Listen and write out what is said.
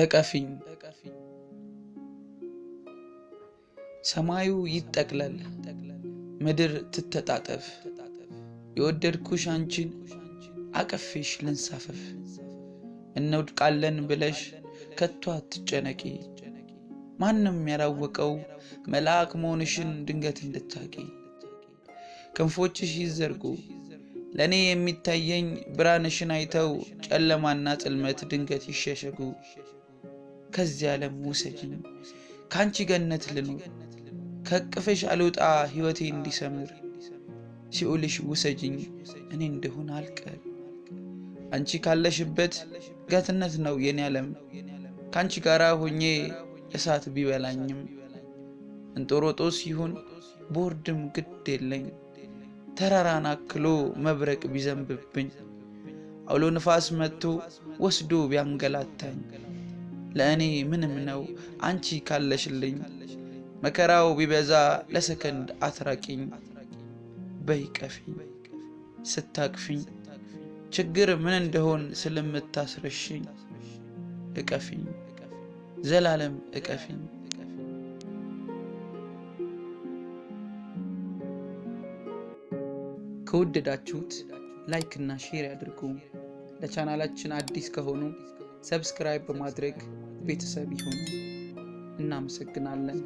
እቀፊኝ። ሰማዩ ይጠቅለል፣ ምድር ትተጣጠፍ፣ የወደድኩሽ አንቺን አቀፌሽ ልንሳፈፍ። እንውድቃለን ብለሽ ከቷ አትጨነቂ፣ ማንም ያላወቀው መልአክ መሆንሽን ድንገት እንድታቂ። ክንፎችሽ ይዘርጉ ለእኔ የሚታየኝ ብርሃንሽን አይተው ጨለማና ጥልመት ድንገት ይሸሸጉ። ከዚህ ዓለም ውሰጅንም ከአንቺ ገነት ልኑር ከቅፍሽ አልውጣ ሕይወቴ እንዲሰምር ሲኦልሽ ውሰጅኝ እኔ እንደሆን አልቀር አንቺ ካለሽበት ገትነት ነው የኔ ዓለም ከአንቺ ጋር ሆኜ እሳት ቢበላኝም እንጦሮጦስ ይሁን ቦርድም ግድ የለኝ ተራራን አክሎ መብረቅ ቢዘንብብኝ አውሎ ንፋስ መጥቶ ወስዶ ቢያንገላታኝ ለእኔ ምንም ነው አንቺ ካለሽልኝ። መከራው ቢበዛ ለሰከንድ አትራቂኝ፣ በይቀፊኝ ስታቅፊኝ ችግር ምን እንደሆን ስለምታስረሽኝ፣ እቀፊኝ ዘላለም እቀፊኝ። ከወደዳችሁት ላይክ እና ሼር ያድርጉ። ለቻናላችን አዲስ ከሆኑ ሰብስክራይብ በማድረግ ቤተሰብ ይሁኑ። እናመሰግናለን።